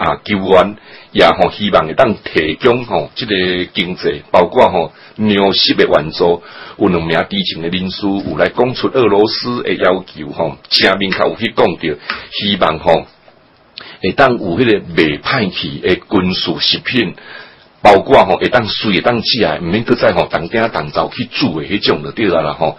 啊，救、喔、援也吼，希望會當提供吼，即個經濟，包括吼糧食嘅援助。有兩名知情嘅人士有來講出俄羅斯嘅要求，吼前面頭有去講着，希望吼會當有迄個未歹去嘅軍事食品，包括吼、喔、會、喔、當水會當起來，唔免擱再吼當驚同造去做嘅迄種就對啊啦吼。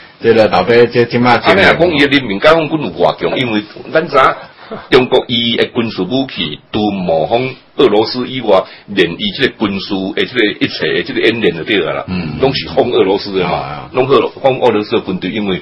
即係頭先即係點啊？啱啱係講伊嘅人民解放軍有偌強，因為嗱，知影中國伊嘅軍事武器都冇向俄羅斯以外連伊即個軍事，誒即個一切，即個演練都就掉啦。嗯，都係俄羅斯嘅嘛、嗯，都係俄羅斯，的、哦哦、俄羅斯的軍隊，因為。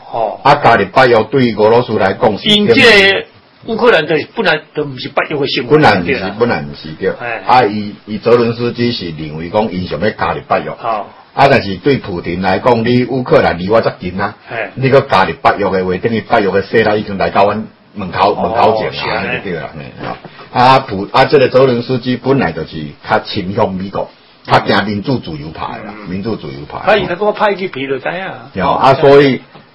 哦，啊！加入北約對俄羅斯來講是……因為烏克蘭的本來都唔是北約的成員國，本來唔是，本來唔是對，不是對啊。啊，伊伊澤連斯基是認為講應想要加入北約。好、哦。啊，但是對普京來講，你烏克蘭離我則近啊。嘿。你佮加入北約的話，等於北約的勢力已經來到阮門口、哦、門口前了、哦、啦，對啦，對、嗯、啊！普啊這個澤連斯基本來就是較傾向美國，他民主自由派民主自由派。啊，啊，啊，啊，啊，啊，啊。啊，所以。